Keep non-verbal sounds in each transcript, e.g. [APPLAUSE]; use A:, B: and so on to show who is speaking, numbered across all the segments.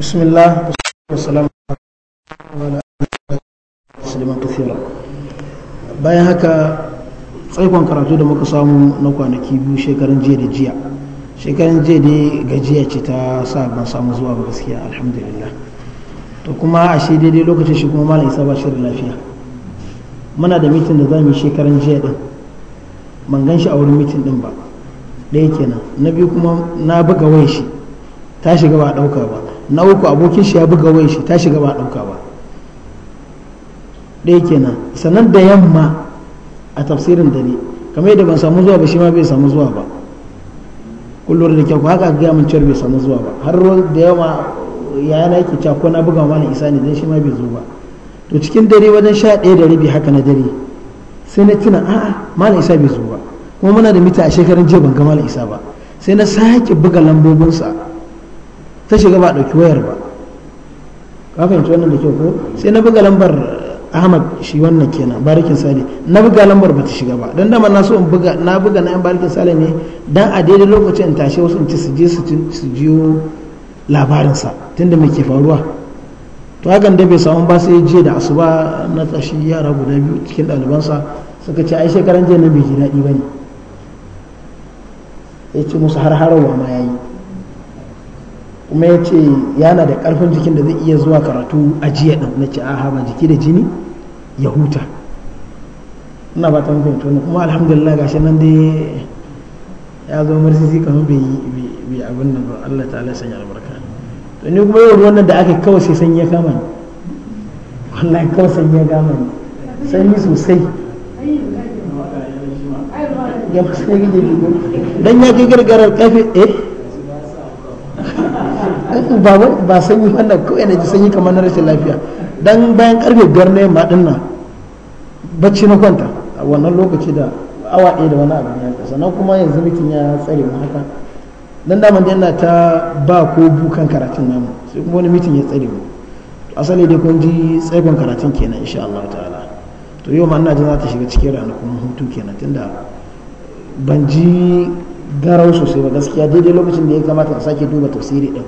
A: بسم الله والسلام مسلما كثيرا bayan haka tsaikon karatu da muka samu na kwanaki biyu shekarun jiya da jiya shekarun jiya dai gajiya ce ta sa ban samu zuwa ba gaskiya alhamdulillah to kuma a shi daidai lokacin shi kuma malam isa ba shirin lafiya muna da mitin da za mu yi shekarun jiya din ban gan shi a wurin mitin din ba ɗaya nan na biyu kuma na buga wai shi ta shiga ba a ɗauka ba na uku abokin shi ya buga wayan shi ta shiga ba a ɗauka ba ɗaya kenan sannan da yamma a tafsirin dare kamar yadda ban samu zuwa ba shi ma bai samu zuwa ba kullum da kyau haka ga mun cewar bai samu zuwa ba har da yawa ya yana yake cakko na buga mana isa ne dan shi ma bai zo ba to cikin dare wajen sha ɗaya da rabi haka na dare sai na tuna a'a mana isa bai zo ba kuma muna da mita a shekarun jiya ban ga mana isa ba sai na sake buga lambobinsa ta shiga ba ɗauki wayar ba ka fahimci wannan da kyau ko sai na buga lambar ahmad shi wannan kenan barikin sale na buga lambar ba ta shiga ba don dama na so in buga na buga na yan barikin sale ne dan a daidai lokacin in tashe wasu in ci su je su jiyo labarinsa tunda mai ke faruwa to hakan da bai samu ba sai jiya da asuba na tashi yara guda biyu cikin ɗalibansa suka ce ai shekaran jiya na bai ji daɗi ba ne ya ce musu har harawa ma ya yi kuma ya ce yana da karfin jikin da zai iya zuwa karatu a jiya ɗin na ce aha ba jiki da jini ya huta ina ba ta mafi kuma alhamdulillah gashi nan dai ya zo marsisi kamar bai abin nan ba Allah ta ta'ala sanya albarka to ni kuma yau wannan da aka kawai sai sanya kama ni wallahi kawai sanya kama ne sanyi sosai ya sai gidi dan ya ji gargarar kafin eh ba ba sanyi wannan kawai na ji sanyi kamar na rashin lafiya dan bayan karfe biyar na yamma din nan bacci na kwanta a wannan lokaci da awa ɗaya da wani abu ya sannan kuma yanzu mutum ya tsare mu haka dan da yana ta ba ko bukan karatun namu sai kuma wani mutum ya tsare mu asali dai kun ji tsaikon karatun kenan insha Allah ta'ala to yau ma ina jin za ta shiga cikin ranakun hutu kenan tunda ban ji garau sosai ba gaskiya daidai lokacin da ya kamata a sake duba tafsiri din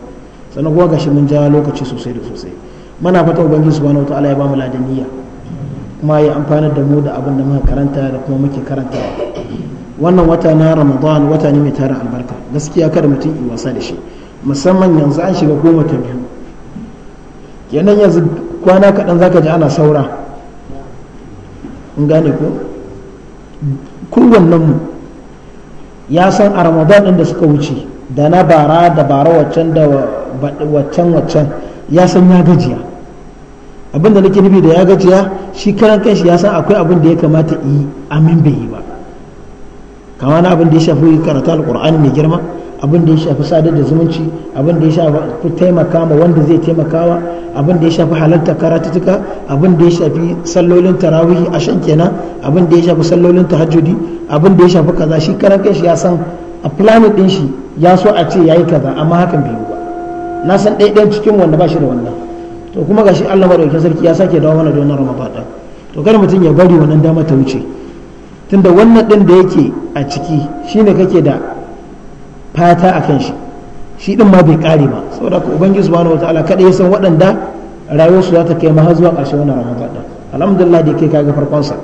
A: sannan kuma gashi mun ja lokaci sosai da sosai muna fata ubangiji subhanahu wataala ya bamu ladaniya kuma ya amfanar da mu da abin da muka karanta da kuma muke karanta wannan wata na ramadan wata ne mai tara albarka gaskiya kada mutum yi wasa da shi musamman yanzu an shiga goma ta biyu kenan yanzu kwana kaɗan zaka ji ana saura in gane ko kowannen mu ya san a ramadan ɗin da suka wuce da na bara da bara waccan da waccan waccan ya san ya gajiya abinda da nake nufi da ya gajiya shi karan kanshi ya san akwai abin da ya kamata yi amin bai yi ba kama na abin da ya shafi karatu alkur'ani mai girma abin da ya shafi sadar da zumunci abin da ya shafi taimaka ma wanda zai taimakawa abin da ya shafi halarta karatutuka abin da ya shafi sallolin tarawihi a shan kenan abin da ya shafi sallolin tahajjudi abin da ya shafi kaza shi karan kanshi ya san a planet din shi ya so a ce yayi kaza amma hakan bai yi na san ɗaiɗayan cikin wanda ba shi da wannan to kuma gashi Allah madaukakin sarki ya sake dawo mana da wannan ramadan din to kada mutum ya bari wannan dama ta wuce tunda wannan ɗin da yake a ciki shine kake da fata kan shi shi ɗin ma bai kare ba saboda ka ubangiji subhanahu wataala kada ya san waɗanda rayuwarsu za ta kai ma har zuwa ƙarshen wannan ramadan din alhamdulillah da kai kaga farkon sa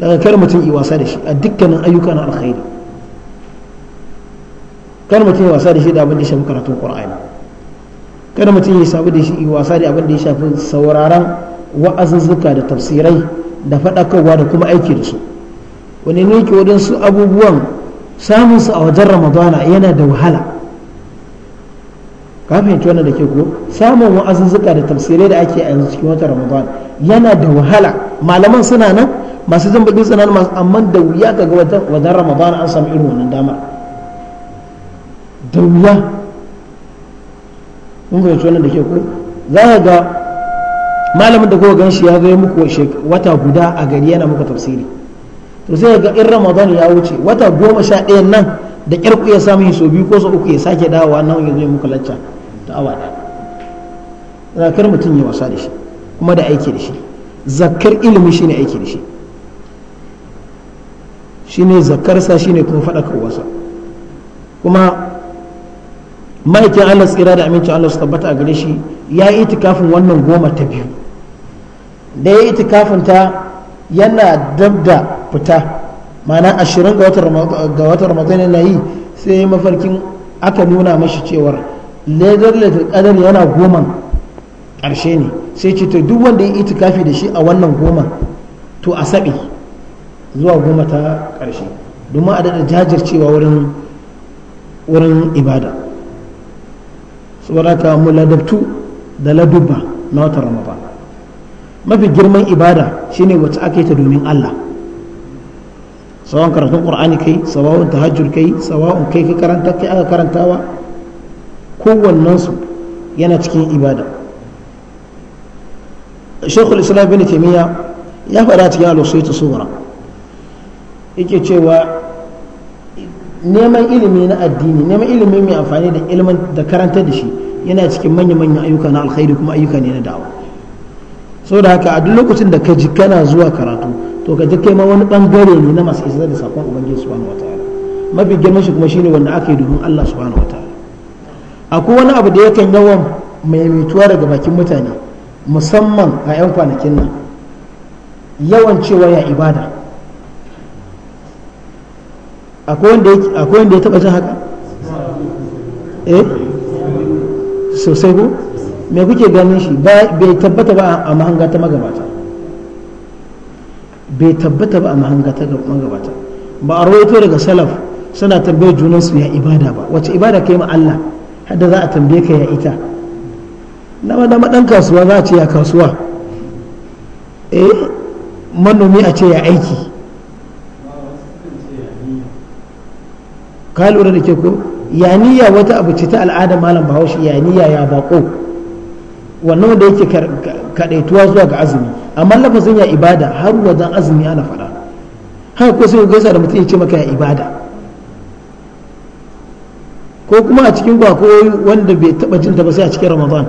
A: daga kar mutum yi wasa da shi a dukkanin ayyukan alkhairi kar mutum yi wasa da shi da abin da shi shafi karatun qur'ani kada mutum ya sabu da shi wasa da abin da ya shafi sauraron wa'azuzzuka da tafsirai da faɗakarwa da kuma aiki da su wani ne yake waɗansu abubuwan samun su a wajen ramadana yana da wahala ka fahimci wannan da ke ko samun wa'azuzzuka da tafsirai da ake a yanzu cikin wata ramadana yana da wahala malaman suna nan masu zan baƙin tsanan masu amma da wuya ga wajen ramadana an samu irin wannan dama da wuya kun wannan da ke kuma za ka ga malamin da kuka ganshi ya zai muku wata guda a gari yana muka tafsiri to sai ga in ramadan ya wuce wata goma sha ɗayan nan da ƙyar ya samu yi sobi biyu ko sau uku ya sake dawowa nan ya zai muku lacca ta awa ɗaya kar mutum ya wasa da shi kuma da aiki da shi zakar ilimi shi ne aiki da shi shine shi ne kuma faɗakarwarsa kuma ma'aikin Allah tsira da amincin Allah su tabbata a gare shi ya yi itikafin wannan goma ta biyu da ya yi itikafin ta yana dab da fita ma'ana ashirin ga watan ramadan yana yi sai ya mafarkin aka nuna mashi cewar ledar ledar kadar yana goma ƙarshe ne sai ce to duk wanda ya yi itikafi da shi a wannan goma to a saɓi zuwa goma ta ƙarshe domin a daɗa jajircewa wurin ibada saboda ka mu da ladubba na watan ramadan mafi girman ibada shine wacce aka yi ta domin Allah sawan karatun qur'ani kai sawa'un tahajjud kai sawa'un kai ka karanta kai aka karantawa kowannen su yana cikin ibada shekul islam bin taimiyya ya faɗa cikin alusaitu suwara yake cewa neman ilimi na addini neman ilimi mai amfani da ilimin da karantar da shi yana cikin manya-manyan ayyuka na alkhairi kuma ayyuka ne na da'awa saboda haka a duk lokacin da ka ji kana zuwa karatu to ka ji kai ma wani bangare ne na masu isa da sakon ubangiji subhanahu wataala mafi girman shi kuma shine wanda aka yi domin Allah subhanahu wataala akwai wani abu da yakan yawan maimaituwa daga bakin mutane musamman a 'yan kwanakin nan yawan cewa ya ibada akwai wanda ya taba jin haka eh sosai ko me kuke ganin shi bai tabbata ba a mahanga ta magabata bai tabbata ba a mahanga ta magabata ba a rawaito daga salaf suna tambayar su ya ibada ba wace ibada kai ma Allah hadda za a tambaye ka ya ita na ma dan kasuwa za a ce ya kasuwa eh manomi a ce ya aiki ka lura da ke ko yaniya wata abu ce ta al'ada malam bahaushe yaniya ya bako wannan wanda yake kadaituwa zuwa ga azumi amma lafazin ya ibada har wajen azumi ana fara haka ko sai gaisa da mutum ya ce maka ya ibada ko kuma a cikin gwako wanda bai taba jin ta ba sai a cikin ramadan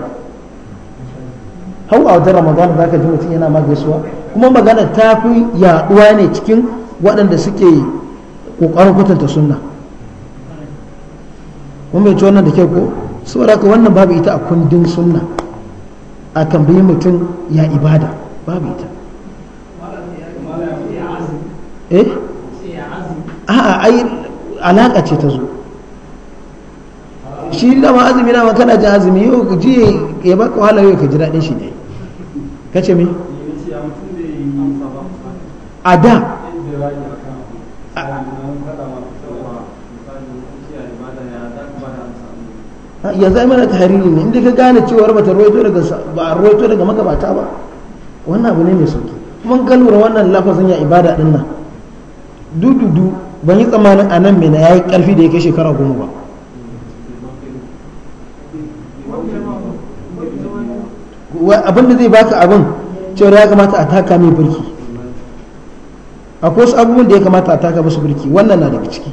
A: hau a wajen ramadan za ka ji mutum yana ma gaisuwa kuma magana ta fi yaduwa ne cikin waɗanda suke ƙoƙarin kwatanta sunna mun bai ci wannan da kyau ko saboda ka wannan babu ita a kundin sunna a tambayi mutum ya ibada babu ita eh a ai alaka ce ta zo shi da ma azumi na makana ji azumi yau ka ji ya baka wahala yau ka ji daɗin shi ne ka ce me a da ya zai mana tahariri ne inda ka gane cewar bata ruwaito daga ba ruwaito daga magabata ba wannan abu ne mai sauki kuma ga lura wannan lafazin ya ibada din nan dududu ban yi tsamanin a nan mena yi karfi da ya kai shekara goma ba abin da zai baka abin cewar ya kamata a taka mai birki akwai wasu abubuwan da ya kamata a taka musu birki wannan na daga ciki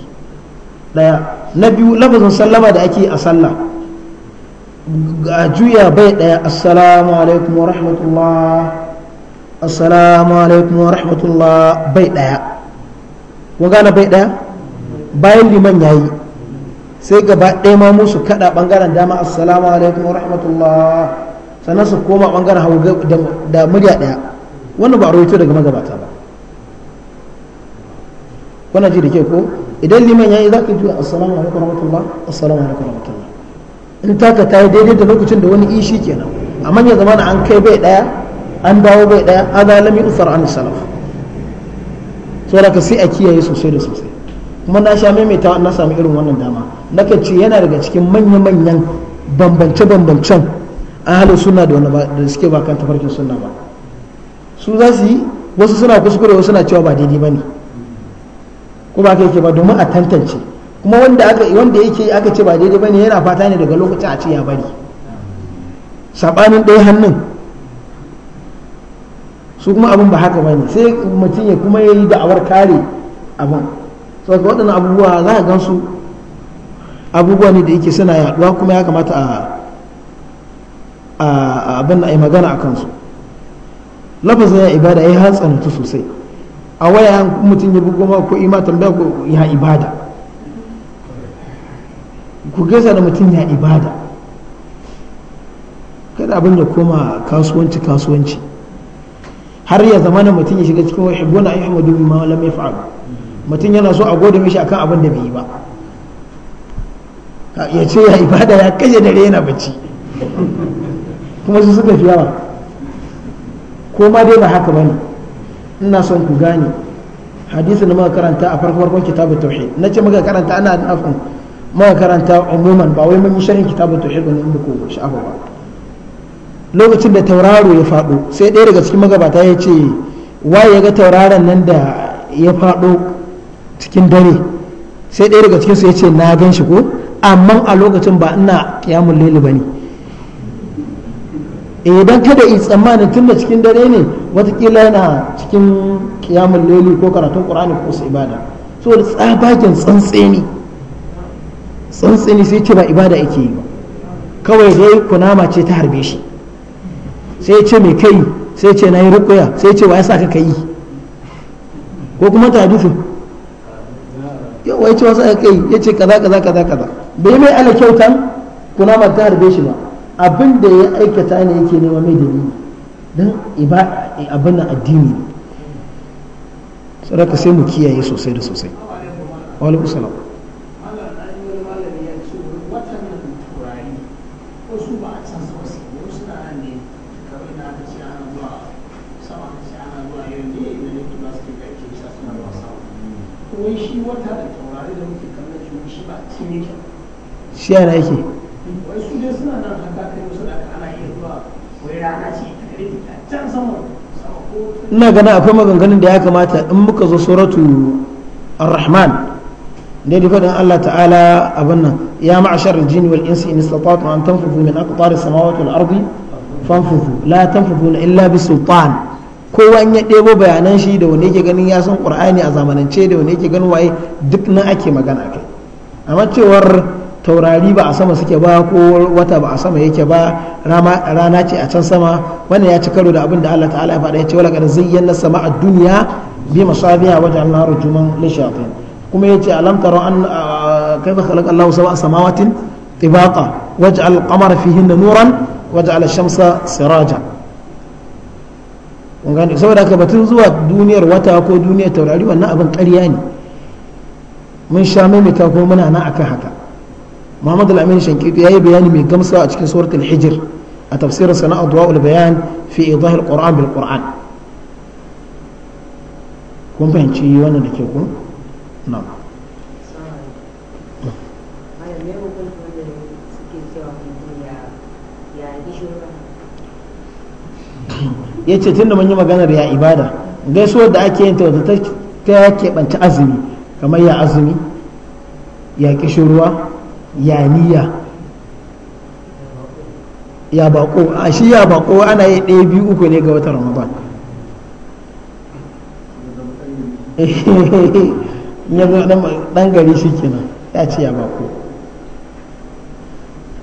A: daya na biyu lafazin sallama da ake a sallah a juya bai ɗaya assalamu alaikum wa rahmatullah assalamu alaikum wa rahmatullah bai ɗaya kun gane bai ɗaya bayan liman ya yi sai gaba ɗaya ma musu kaɗa ɓangaren dama assalamu alaikum wa rahmatullah sannan su koma ɓangaren hau da murya daya wannan ba a rawaito daga magabata ba kuna ji da ke ko idan liman ya yi za ka yi assalamu alaikum wa rahmatullah assalamu alaikum wa rahmatullah in taka ta yi daidai da lokacin da wani ishi kenan a manyan zamanin an kai bai daya an dawo bai daya a zalami usar an salaf ka sai a kiyaye sosai da sosai kuma na sha maimaita na sami irin wannan dama na ka ce yana daga cikin manya-manyan bambance-bambancen halin suna da suke ba kan tafarkin suna ba su za su yi wasu suna kuskure wasu suna cewa ba daidai ba ne ko ba ka yake ba domin a tantance kuma wanda aka wanda yake aka ce ba daidai bane yana fata ne daga lokacin a ce ya bari sabanin ɗaya hannun su kuma abin ba haka bane sai mutum ya kuma yayi da'awar kare abin saboda waɗannan abubuwa za ka gansu abubuwa ne da yake suna yaduwa kuma ya kamata a abin na magana a kansu lafazin ya ibada ya hatsanatu sosai a waya mutum ya bugu ko ima tambaya ko ya ibada ku gaza da mutum ya ibada kada abin da koma kasuwanci kasuwanci har ya zama na mutum ya shiga cikin wa hibbuna ahmadu bima lam yaf'al mutum yana so a gode mishi akan abin da bai yi ba ya ce ya ibada ya kashe dare yana bacci kuma su suka fi yawa ko ma dai ba haka bane ina son ku gane hadisi na muka karanta a farkon farkon kitabu tauhid na ce muka karanta ana da afan muka karanta umuman ba wai mun yi sharhin kitabun tauhid ba inda ko sha'afa ba lokacin da tauraro ya fado sai ɗaya daga cikin magabata ya ce waye ga tauraron nan da ya fado cikin dare sai ɗaya daga cikinsu ya ce na gan shi ko amma a lokacin ba ina kiyamun lili ba ne idan kada yi tsammanin tun da cikin dare ne watakila yana cikin kiyamun lili ko karatun ƙur'ani ko su ibada so da tsabagen tsantseni tsantsini sai ce ba ibada yake yi ba kawai dai kunama ce ta harbe shi sai ce mai kai sai ce na yi rukuya sai ce wa ya sa ka kai ko kuma ta dufe yau wai ce wasu kai ya ce kaza kaza kaza kaza bai mai ala kyautan kunama ta harbe shi ba abin da ya aikata ne yake nema mai dalili don abin na addini ne sadaka sai mu kiyaye sosai da sosai wa alaikum salam wata da taurari da muke kallon shi shi ba shi yana yake wai su dai suna nan haka kai da ana iya zuwa wai rana ce ta gare ta can sama ina ganin akwai maganganun da ya kamata in muka zo suratu ar-rahman da da faɗin Allah ta'ala abin nan ya ma'ashar jini wal insi in istata'tum an tanfudu min aqtari samawati wal ardi fanfudu la tanfuduna illa bi sultan kowa in ya ɗebo bayanan shi da wani ke ganin ya san qur'ani a zamanance da wani ke ganin waye duk nan ake magana kai amma cewar taurari ba a sama suke ba ko wata ba a sama yake ba rana ce a can sama wannan ya ci karo da abin da Allah ta'ala ya faɗa ya ce wala kada zayyana a duniya bi masabiha wa ja'alna rujuman lishayatin kuma yace alam taro an kaifa khalaqa a sab'a samawatin tibaqa waj'al qamara fihinna nuran waj'al ash-shamsa siraja gane saboda haka batun zuwa duniyar wata ko duniyar taurari wannan abin ƙarya ne mun sha maimaita ko muna nan akan haka muhammad al-amin shankitu yayi bayani mai gamsa a cikin surat al-hijr a tafsirin sana adwa'ul bayan fi idah al-qur'an bil qur'an kun fahimci wannan da ke kun na'am ya ce tunda mun yi maganar ya ibada gaisuwar da ake yin ta wata ta ya keɓanci azumi kamar ya azumi ya kishirwa ya niyya ya bako a shi ya bako ana yi ɗaya biyu uku ne ga wata ramadan [LAUGHS] ya zo ɗan gari shi kenan ya ce ya bako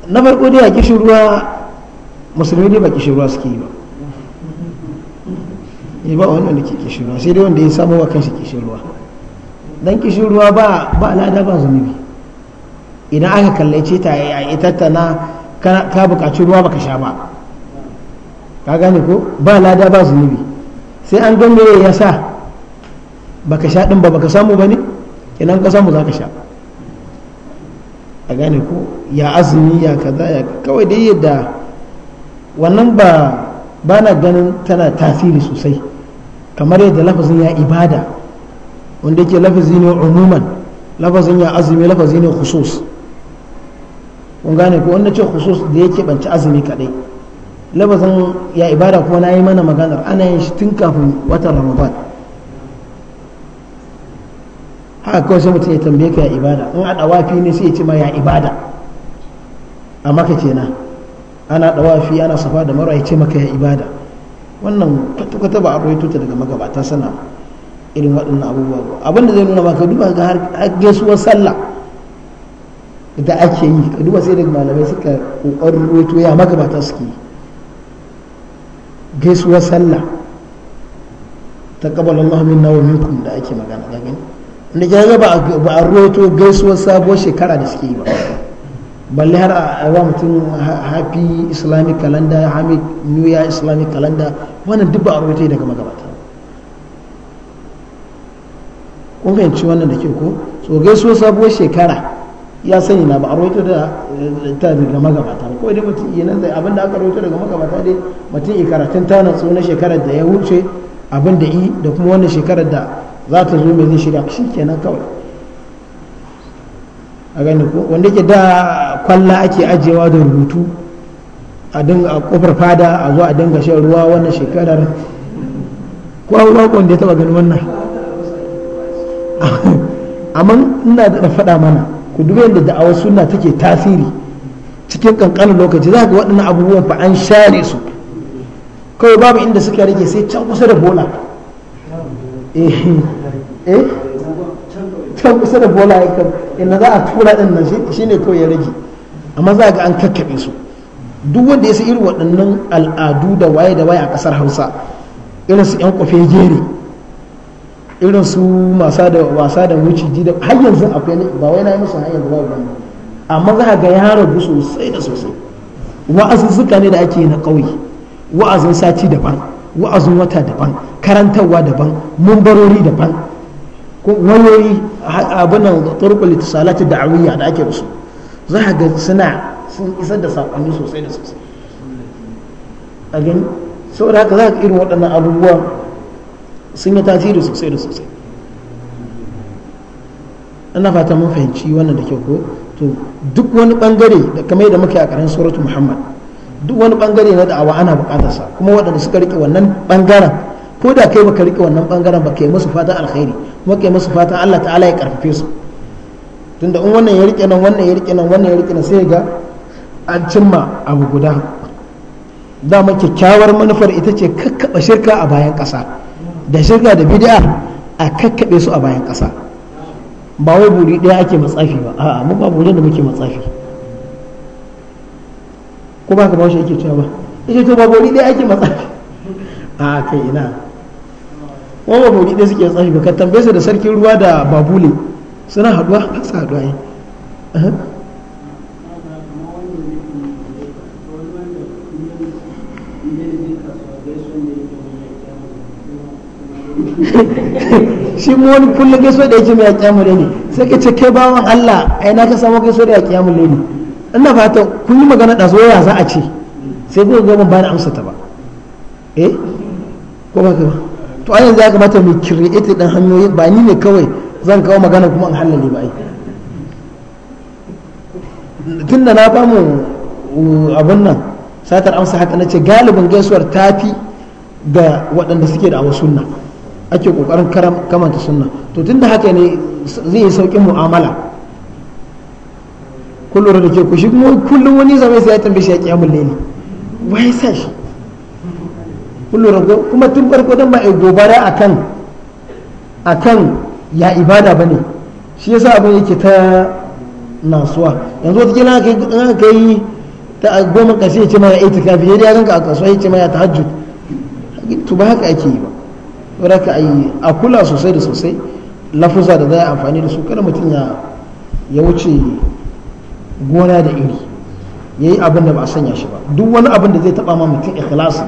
A: na farko dai ya kishirwa ruwa musulmi ne ba kishirwa suke yi ba ya eh, ba wannan da ke kishirwa sai dai wanda ya samu wa kanshi kishirwa dan kishirwa ba ba lada ba zunubi idan aka ce ta ta na ka buƙaci ruwa baka sha ba ka gane ko ba lada ba zunubi sai an gan meye ya sa baka sha din ba baka samu ba ne kenan ka samu za ka sha a gane ko ya azumi ya kaza ya kawai dai yadda wannan ba ba na ganin tana tasiri sosai kamar yadda lafazin ya ibada wanda yake lafazi ne umuman lafazin ya azumi lafazi ne khusus kun gane ko wanda ce khusus da yake banci azumi kadai lafazin ya ibada kuma na yi mana maganar ana yin shi tun kafin watan ramadan haka kawai sai mutum ya tambaye ka ya ibada in a dawafi ne sai ya ce ma ya ibada a maka kenan ana dawafi ana safa da marwa ya ce maka ya ibada wannan kwata ba a rawaito ta daga magabata sana irin waɗannan abubuwa ba abinda da zai nuna maka duba ga har gaisuwar sallah da ake yi ka duba sai daga malamai suka kokarin rawaito ya magabata suke yi gaisuwar sallah ta kabal Allah nawa wa minkum da ake magana ga gani ke ga ba a rawaito gaisuwar sabuwar shekara da suke yi ba balle har a wa mutum happy islamic calendar hamid new year islamic calendar wannan duk ba a rawaito daga magabata kun fahimci wannan da ke ko so gaisuwar sabuwar shekara ya sani na ba a rawaito da ta daga magabata ko dai mutum iya nan abin da aka rawaito daga magabata dai mutum ya karatun ta na tsohon shekarar da ya wuce abin da i da kuma wannan shekarar da za ta zo mai zai shirya shi kenan kawai a gani wanda ke da kwalla ake ajiyewa da rubutu a dinga kofar fada a zo a dinga shan ruwa wannan shekarar ko wakon wanda ya taba gani wannan [LAUGHS] amma ina da faɗa mana ku duba yadda da'awar suna take tasiri cikin kankanin lokaci za ka waɗannan abubuwan fa an share su kawai babu inda suka rage sai can kusa da bola eh eh can kusa da bola ya kan inda za a tura din nan shi ne kawai ya rage amma za ga an kakkaɓe su duk wanda ya sa irin waɗannan al'adu da waye da waye a ƙasar hausa irin su 'yan kwafe gere irin su masa da wasa da wuciji da har yanzu akwai ba wai na yi musu hanyar yanzu ba amma za ga ya ragu sosai da sosai suka ne da ake na ƙauye wa'azin sati daban wa'azin wata daban karantarwa daban mumbarori daban wayoyi abin nan turkul itisalati da'awiyya da ake da su za ka ga suna sun isar da saƙonni sosai da sosai a gani saboda haka za ka irin waɗannan abubuwa sun yi tasiri sosai da sosai ana fata mun fahimci wannan da ke ko to duk wani ɓangare da kamar da muke a karan suratu muhammad duk wani ɓangare na da'awa ana bukatar sa kuma waɗanda suka rike wannan ɓangaren ko da kai baka rike wannan ɓangaren ba kai musu fata alkhairi muke musu fatan Allah ta'ala ya karfafe su tunda in wannan ya rike nan wannan ya rike nan wannan ya rike nan sai ga an cimma abu guda dama kyakkyawar manufar ita ce kakkaɓa shirka a bayan ƙasa da shirka da bid'a a kakkaɓe su a bayan ƙasa ba wai buri ɗaya ake matsafi ba a'a mu ba buri da muke matsafi ko ba ka ba shi ake cewa ba ita to ba buri ɗaya ake matsafi [LAUGHS] a kai ina kuma ba ɗaya suke tsafi ba ka tambaye da sarkin ruwa da babule suna haɗuwa a su haɗuwa yi [LAUGHS] shi mu wani kullum gaisuwa da yake mai kiyamul ne sai ka ce kai bawan Allah ai na ka samu gaisuwa da kiyamul ne ina fata kun yi magana da soyayya za a ce sai ku ga mun ba amsa ta ba eh ko ba ka ba to a yanzu ya kamata mu create hanyoyi ba ni ne kawai zan kawo magana kuma an halale ba ai tun da na famu abun nan satar amsa haka na ce galibin gaisuwar tafi da waɗanda suke da awa sunna ake ƙoƙarin kamanta sunna to tun da haka ne zai yi sauƙin mu'amala kullum da ke kushi kuma kullum wani zama sai ya tambaye shi ya ƙiyamun ne wai sai. shi kullum kuma tun farko don ba a gobara akan akan ya ibada ba ne shi yasa abin yake ta nasuwa yanzu wata gina aka kai ta goma kashi ya ce ma ya tafi yadda ya dai a kasuwa ya ce ma ya tahajjud to ba haka ake yi ba raka a yi a kula sosai da sosai lafuza da za a amfani da su kada mutum ya ya wuce gona da iri ya yi abin da ba a sanya shi ba duk wani abin da zai taba ma mutum ikhlasi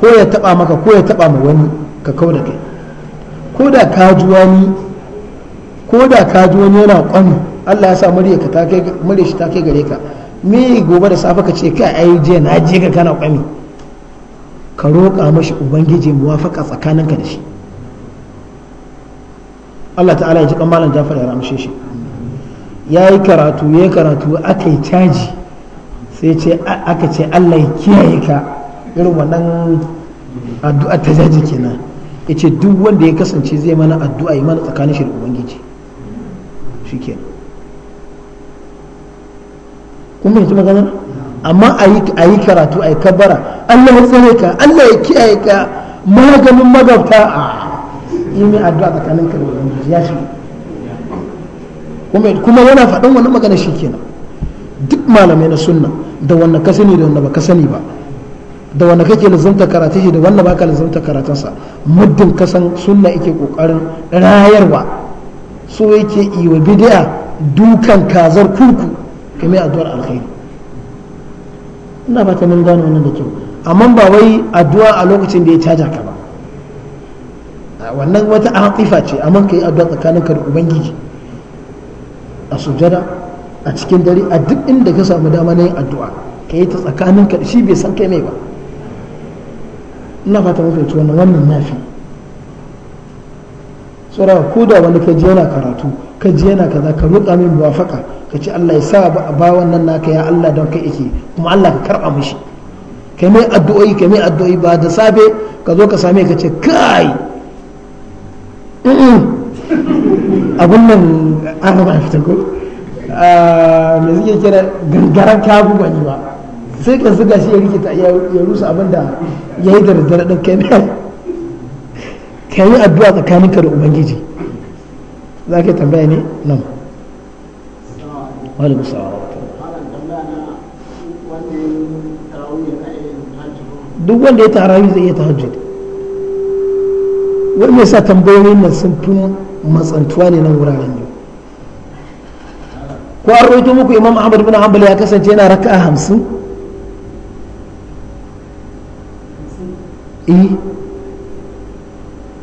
A: ko ya taba maka ko ya taba ma wani ka kau kai ko da ka ji wani ko da ka ji wani yana kwano Allah ya sa murya ka take murya shi ta gare ka me gobe da safe ka ce kai ai je na je ka kana kwami ka roƙa mashi ubangiji muwafaka tsakaninka da shi Allah ta'ala ya ji kan malam Jafar ya ramshe shi ya yi karatu ya karatu aka caji sai ce aka ce Allah ya kiyaye ka irin wannan addu'a ta jaji kenan yace duk wanda ya kasance zai mana addu'a yi mana tsakanin shi da ubangiji shikenan kun fahimci maganar amma a yi karatu a yi kabbara Allah ya tsare ka Allah ya kiyaye ka maganin magabta a yi mai addu'a tsakanin ka da ubangiji ya shi kuma yana faɗin wannan magana shi kenan duk malamai na sunna da wannan ka sani da wannan ba ka sani ba da wanda kake lizumta karatu shi da wanda baka karatun karatunsa muddin kasan sunna yake kokarin rayarwa so yake yi wa bid'a dukan kazar kurku kamar addu'ar alkhairi ina ta nan gano wannan da kyau amma ba wai addu'a a lokacin da ya caja ka ba wannan wata atifa ce amma yi addu'a ka da ubangiji a sujada a cikin dare a duk inda ka samu dama na yin addu'a ka yi ta ka da shi bai san kai mai ba ina fata mafi ci wannan wannan nafi tsara ko da wani ka je yana karatu ka je yana kaza ka roƙa min muwafaka ka ce Allah ya sa ba wannan naka ya Allah don kai yake kuma Allah ka karɓa mishi kai mai addu'o'i kai mai addu'o'i ba da safe ka zo ka same ka ce kai abun nan an ba fita ko ah, me suke kira gangaran kagu gwani ba sai ka zuga shi ya rikita ya rusa abin da ya yi da daddare ɗin kai mai ka yi addu'a ka da ubangiji za ka tambaya ne nan wani musawa duk wanda ya tarawi zai iya tahajjud wani ya sa tambayoyin nan sun fi matsantuwa ne nan wuraren yau ko an rawaito muku imam ahmad bin hanbal ya kasance yana raka'a hamsin E,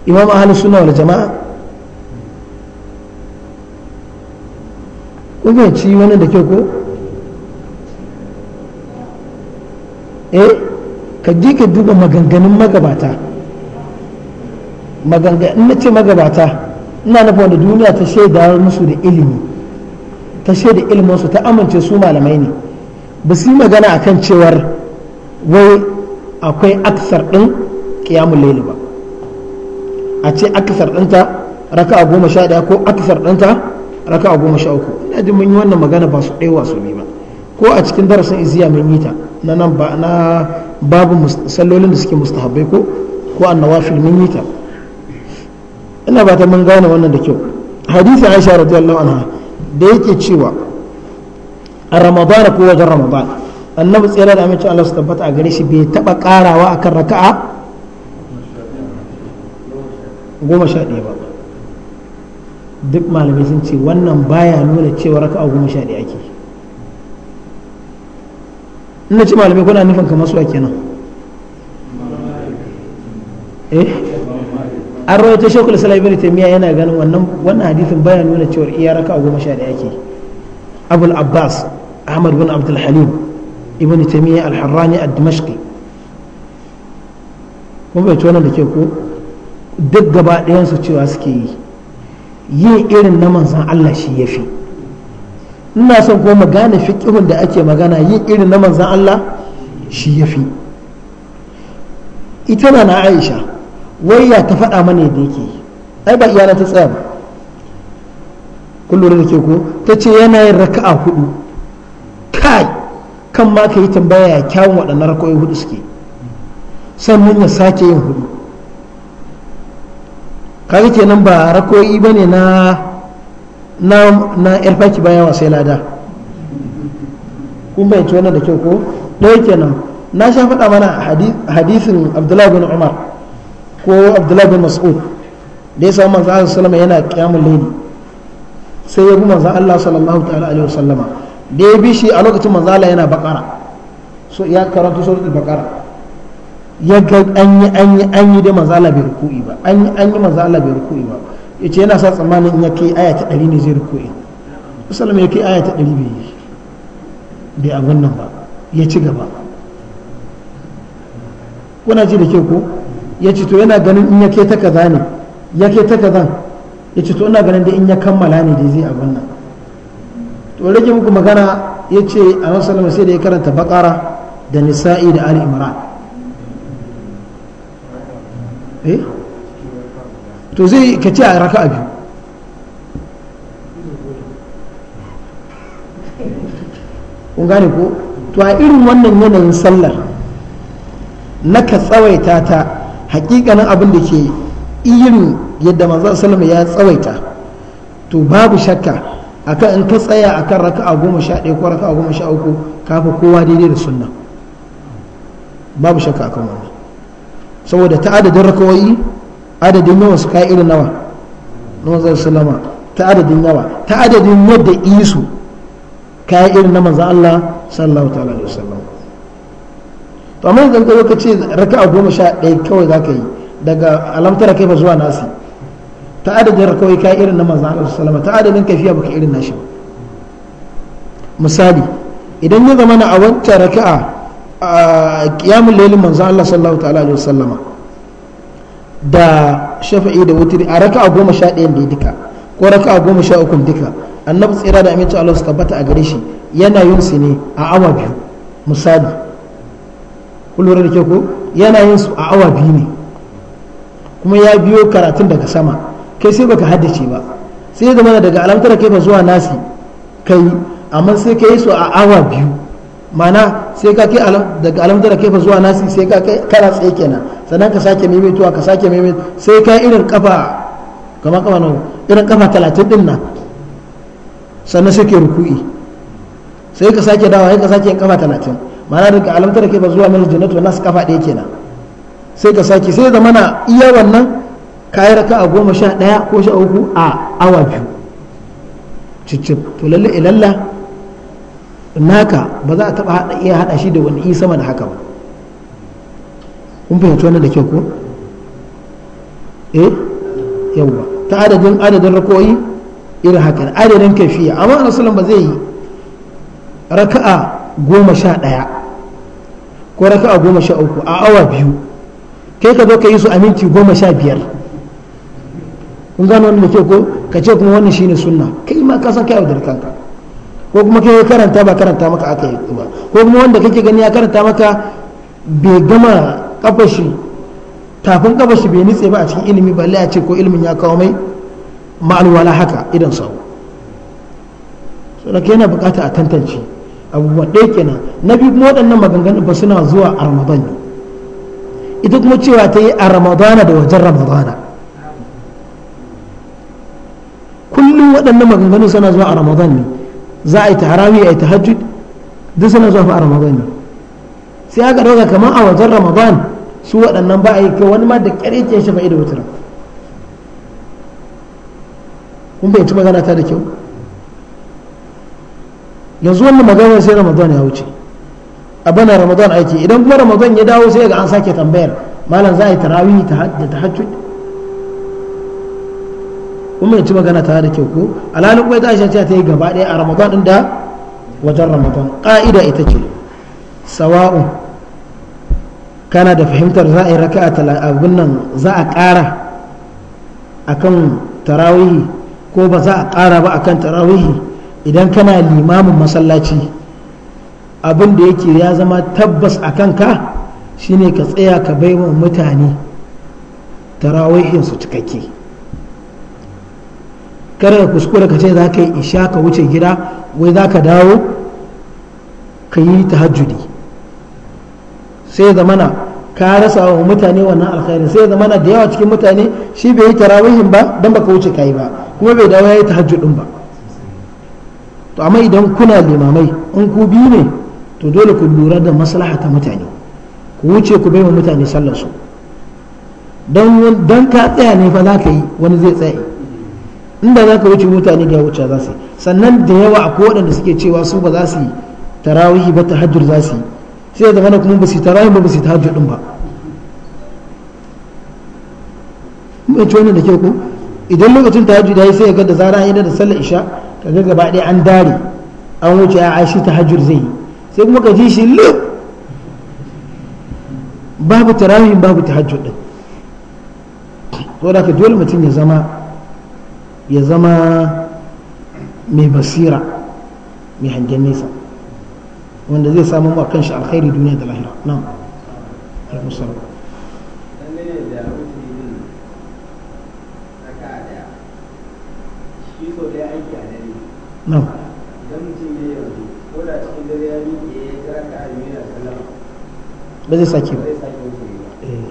A: imam ahalus sunna wal jama'a kun fahimci wannan da kyau ko eh ka je ka duba maganganun magabata maganganun na ce magabata ina nufa wanda duniya ta shaida musu da ilimi ta shaida iliminsu ta amince su malamai ne ba su yi magana akan cewar wai akwai aksar ɗin kiyamun laili ba a ce akasar ɗinta raka a goma sha ɗaya ko akasar ɗinta raka a goma sha uku ina jin mun yi wannan magana ba su ɗaya su biyu ba ko a cikin darasin iziya mun yi ta na nan ba na babu sallolin da suke mustahabbai ko ko annawafil mun yi ta ina ba ta mun gane wannan da kyau hadisi aisha radiyallahu anha da yake cewa a ramadan ko wajen ramadan annabi tsere da amince Allah su tabbata a gare shi bai taba karawa akan raka'a goma sha ɗaya ba duk malamai sun ce wannan baya nuna cewa raka'a goma sha ɗaya ake ina ce malamai kuna nufin kamar su kenan eh an rawaito shekul salabir taimiya yana ganin wannan wannan hadithin baya nuna cewa iya raka'a goma sha ɗaya ake abul abbas ahmad bin abdul halim ibn taimiya al-harrani ad-dimashqi mun bai wannan da ke ko duk gaba ɗayansu cewa suke yi yin irin na manzan Allah shi ya fi ina son kuma gane fiƙihun da ake magana yin irin na manzan Allah shi ya fi ita na Aisha wai ya ta faɗa mana yadda yake yi ai ba iyana ta tsaya ba kullum da ke ko ta ce yana yin raka'a hudu kai kan ma ka yi tambaya ya kyawun waɗannan raka'o'i hudu suke sannan ya sake yin hudu kaga kenan ba rakoyi ba na na na irfaki baya wa sai lada kun bayyance wannan da kyau ko ɗaya kenan na sha faɗa mana hadisin abdullahi bin umar ko abdullahi bin mas'ud da ya samu manzo Allah sallama yana qiyamul layli sai ya bi manzo Allah sallallahu ta'ala alaihi wasallama da ya bi shi a lokacin manzo Allah yana bakara so ya karanta suratul bakara yaga an yi an yi an yi da mazala bai ruku'i ba an yi an yi mazala bai ruku'i ba yace yana sa tsammanin in ya kai aya ta 100 ne zai ruku'i musallam ya kai aya ta 100 bai bai abin nan ba ya ci gaba kuna ji da ke ko ya ce to yana ganin in ya kai ta kaza ne ya kai ta kaza ya ce to ina ganin da in ya kammala ne da zai abin nan to rage muku magana ya ce a musallam sai da ya karanta bakara da nisa'i da ali imran Eh? to zai ka ce a raka'a biyu kun gane ko to a irin wannan yanayin sallar na ka tsawaita ta hakikanin abin da ke irin yadda manzon sallama ya tsawaita to babu shakka akan in ka tsaya a akan raka'a goma sha ɗaya ko raka'a goma sha uku kafa kowa daidai da sunna babu shakka akan wannan saboda ta adadin rakawai adadin nawa su irin nawa na manzan sallama ta adadin nawa ta adadin yadda isu kayan irin na manzan Allah sallallahu ta'ala da wasallam to amma idan ka lokaci raka'a goma sha ɗaya kawai za ka yi daga alamtara kai ba zuwa nasi ta adadin rakawai kayan irin na manzan Allah sallallahu ta adadin kafiya ka irin nashi misali idan ya zama na a wancan raka'a kiyamun lailin manzan Allah sallallahu ta'ala alaihi wasallama da shafa'i da wuturi a raka goma sha ɗayan da duka ko raka goma sha ukun duka annabi tsira da aminci Allah su tabbata a gare shi yana yin su ne a awa biyu misali lura da ke ko yana yin su a awa biyu ne kuma ya biyo karatun daga sama kai sai baka haddace ba sai ya zama daga alamtar kai ba zuwa nasi kai amma sai ka yi su a awa biyu mana sai ka kai daga kai fa zuwa nasi sai ka kai kana tsaye kenan sannan ka sake maimaituwa ka sake maimaituwa sai ka irin kafa kama kama nan irin kafa talatin din nan sannan sai ke ruku'i sai ka sake dawa sai ka sake kafa talatin mana daga kai fa zuwa min jannatu nas kafa ɗaya kenan sai ka sake sai zama na iya wannan kayi raka a goma sha ɗaya ko sha uku a awa biyu cicci to lalle ilalla naka ba za a taba hada iya hada shi da wani i sama da haka ba kun fahimci wannan da kyau ko eh yawa ta adadin adadin rakoyi irin haka adadin kafiya amma rasulun ba zai yi raka'a goma sha ɗaya ko raka'a goma sha uku a awa biyu kai ka zo ka yi su a goma sha biyar kun gano wannan da kyau ko ka ce kuma wannan shine sunna kai ma ka san kai da kanka ko kuma kai karanta ba karanta maka aka yi ba ko kuma wanda kake gani ya karanta maka bai gama kafashi tafin kafashi bai nitse ba a cikin ilimi balle a ce ko ilimin ya kawo mai ma'alwala haka idan sau so da yana bukata a tantance abubuwa ɗaya kenan na biyu kuma waɗannan maganganun ba suna zuwa a ramadan ne ita kuma cewa ta yi a ramadana da wajen ramadana kullum waɗannan maganganun suna zuwa a ramadan ne za a yi taharawi a yi tahajjud duk suna zuwa a ramadan ne sai aka ɗauka kamar a wajen ramadan su waɗannan ba a yi wani ma da ƙyar yake shi ido wutura kun bai ci magana ta da kyau yanzu wannan magana sai ramadan ya wuce a bana ramadan aiki idan kuma ramadan ya dawo sai ga an sake tambayar malam za a yi tarawih da tahajjud kuma ci magana ta da kyau ko alhalin kuma ta shi ta yi gaba ɗaya a ramadan ɗin da wajen ramadan ƙa'ida ita ce sawa'un kana da fahimtar za a yi raka a talabin nan za a ƙara a kan tarawihi ko ba za a ƙara ba a kan tarawihi idan kana limamin masallaci abin da yake ya zama tabbas a kanka shine ka tsaya ka bai wa mutane tarawihin su cikakke kar ka kuskura ka ce za ka yi isha ka wuce gida wai za ka dawo ka yi tahajjudi sai zamana ka rasa wa mutane wannan alkhairi sai zamana da yawa cikin mutane shi bai yi tarawihin ba ba baka wuce yi ba kuma bai dawo ya yi yayi tahajjudin ba to amma idan kuna limamai in ku biyu ne to dole ku lura da maslaha ta mutane ku wuce ku bai wa mutane sallar su dan ka tsaya ne fa za ka yi wani zai tsaye inda za ka wuce mutane da ya wuce za su sannan da yawa akwai waɗanda suke cewa su ba za su yi tarawihi ba hajjur za su yi sai da zama kuma ba su yi tarawihi ba ba su yi hajjur din ba mai ci wannan da ke ku idan lokacin tahajjud ya yi sai ya ga da zara yana da sallar isha ka ga gaba ɗaya an dare an wuce a aishi hajjur zai yi sai kuma ka ji shi lu babu tarawihi babu ɗin din da ka dole mutum ya zama ya zama mai basira mai hangen nesa wanda zai samu a kanshi alkhairi duniya da lahira nan alkusar nan ba zai sake ba eh.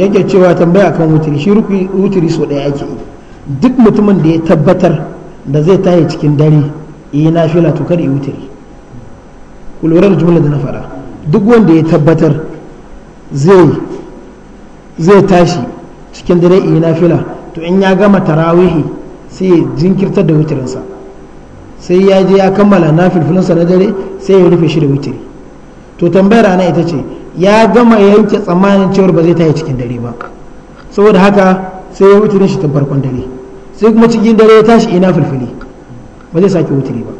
A: yake cewa tambaya kan wutiri shi rufi so ɗaya ake yi duk mutumin da ya tabbatar da zai taye cikin dare yi eh, na fila to kada yi wutiri ku lura da jumla da na fara duk wanda ya tabbatar zai tashi cikin dare yi eh, na fila to in ya gama tarawihi sai ya jinkirtar da wutarinsa sai ya je ya kammala na filfilinsa na dare sai ya rufe shi da wutiri to tambayar ana ita ce ya gama yanke tsammanin cewar ba zai tayi cikin dare ba saboda haka sai ya wuce shi ta farkon dare sai kuma cikin dare ya tashi ina filfili ba zai sake wuturi ba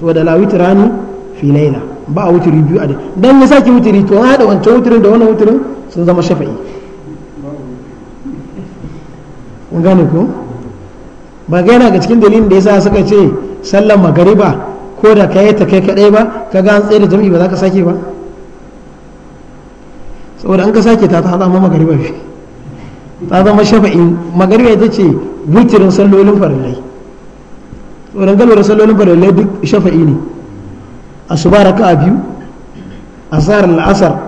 A: saboda la ni fi laila ba a wuturi biyu a dan ya sake wuturi to an hada wancan wuturin da wannan wuturin sun zama shafa'i kun gane ko ba ga yana ga cikin dalilin da yasa suka ce sallar magariba ko da ka ta kai kadai ba ka ga an tsere jami'i ba za ka sake ba saboda an ka sake ta ta hada ma magariba fi ta zama shafa'i magariba ita ce witirin sallolin farillai tsoron galwarin sallolin farillai duk shafa'i ne a su bara ka biyu a tsarin la'asar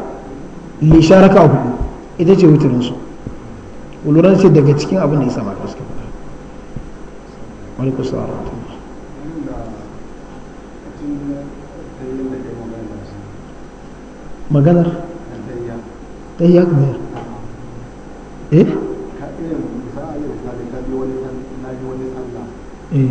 A: ne shara ka hudu ita ce su wuluran ce daga cikin abin da ya sama da wani kusa a maganar ta yi ya eh Eh.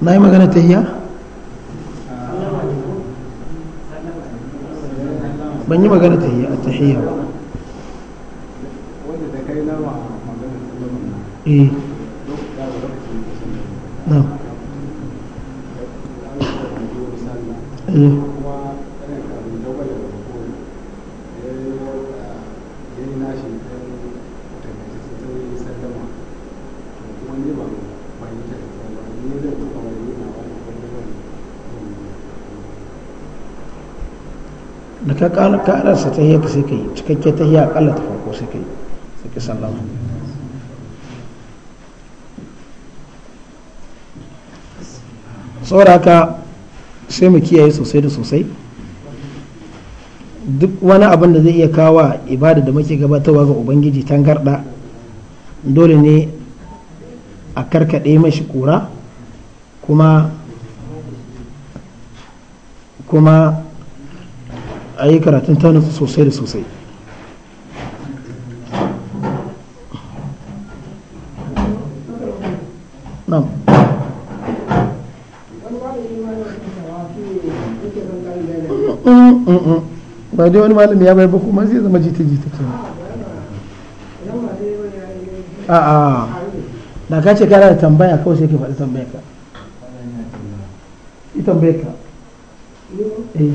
A: na yi magana ta hiya? ban yi magana ta hiya a ta eh. ba eh. ka karasa ta hiyar sai ka cikakke ta hiyar akalla ta farko sai ka yi sai ka sallama saboda haka sai mu kiyaye sosai da sosai duk wani abin da zai iya kawo ibada da muke gabatarwa ga ubangiji tangarda dole ne a karkaɗe mashi kura kuma kuma a yi karatun ta nutsu sosai da sosai nam mm, mm, mm. ba dai wani malami ya bai ba kuma zai zama jita-jita ce a'a da ka ce kara da tambaya kawai sai ke faɗi tambaya ka ita tambaya ka eh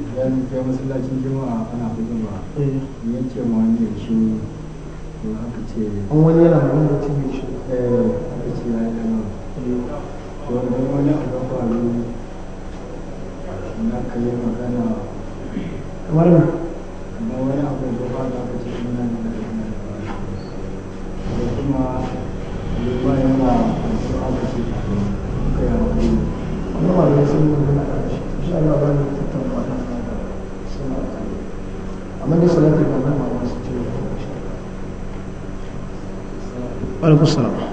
A: idan kai masallacin jima'a ana hujuma eh. ne ce ma wani ya shi aka ce an wani yana da cin shi eh aka ce ya yi nan wani faru na magana kamar amma wani abu da ba da aka ce da kuma ba shi kai sun shi para o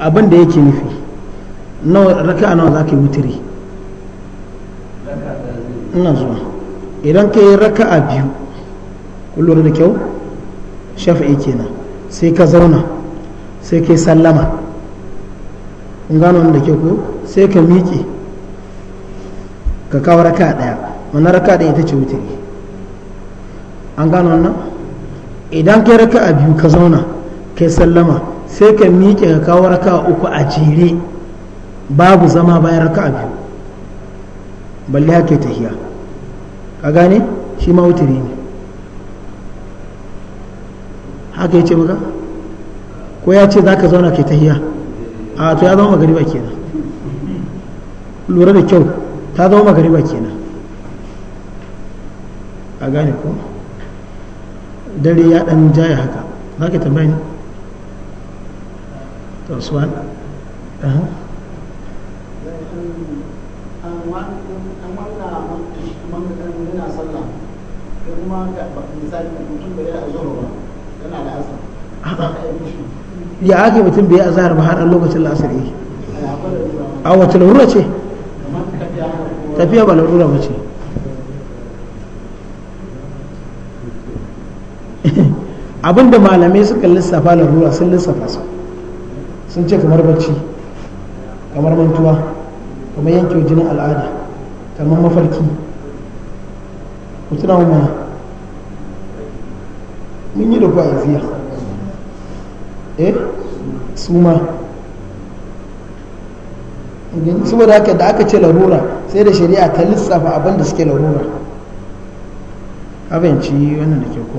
A: abin da yake nufi nawa a nawa za ka yi wutiri ina zuwa idan ka yi a biyu kun da kyau shafi'i kenan sai ka zauna sai ka yi sallama in gano da kyau ko sai ka miƙe ka kawo a ɗaya wannan raka ɗaya ita ce wutiri an gano wannan idan ka yi a biyu ka zauna kai sallama sai ka miƙe ka kawo raka uku a jere babu zama bayan raka biyu balle haka tahiya ka gane shi ma wuturi ne haka ya ce maka ko ya ce za ka zauna ke tahiya a to ya zama magariba kenan lura da kyau ta zama magariba kenan a gane ko dare ya dan jaya haka za ka ne Usman. Uh-huh. ya ake mutum bai azhar ba har a lokacin la'asar yake a wata lura ce tafiya ba lura ba ce [LAUGHS] abinda malamai suka lissafa lura sun lissafa su sun ce kamar bacci kamar mantuwa kamar yanke jinin al'ada kamar mafarki ku tuna wa mana mun yi da ku a iziya eh su ma saboda haka da aka ce larura sai da shari'a ta lissafa abin da suke larura abinci wannan da ke ko?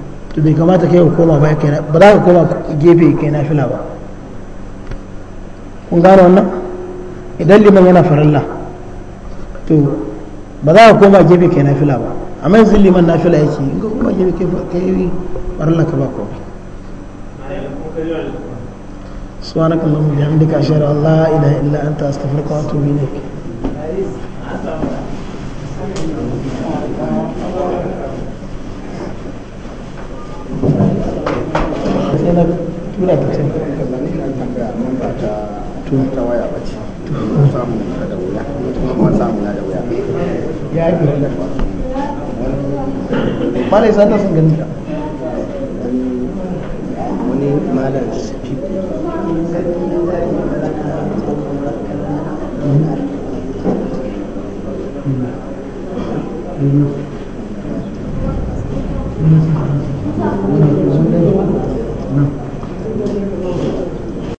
A: to bai kamata kai ka koma ba kenan ba za ka koma gefe kai na fila ba kun gano wannan idan liman yana farilla to ba za ka koma gefe kai na fila ba amma yanzu liman na fila yake in ka koma gefe kai yi farilla ka ba ko سبحانك اللهم وبحمدك أشهد أن لا إله إلا أنت أستغفرك وأتوب إليك sai na tura ta can ta waya ba ce samu na da wuya kuma samu na da wuya ya yi malai sun gani wani malar Mm-hmm.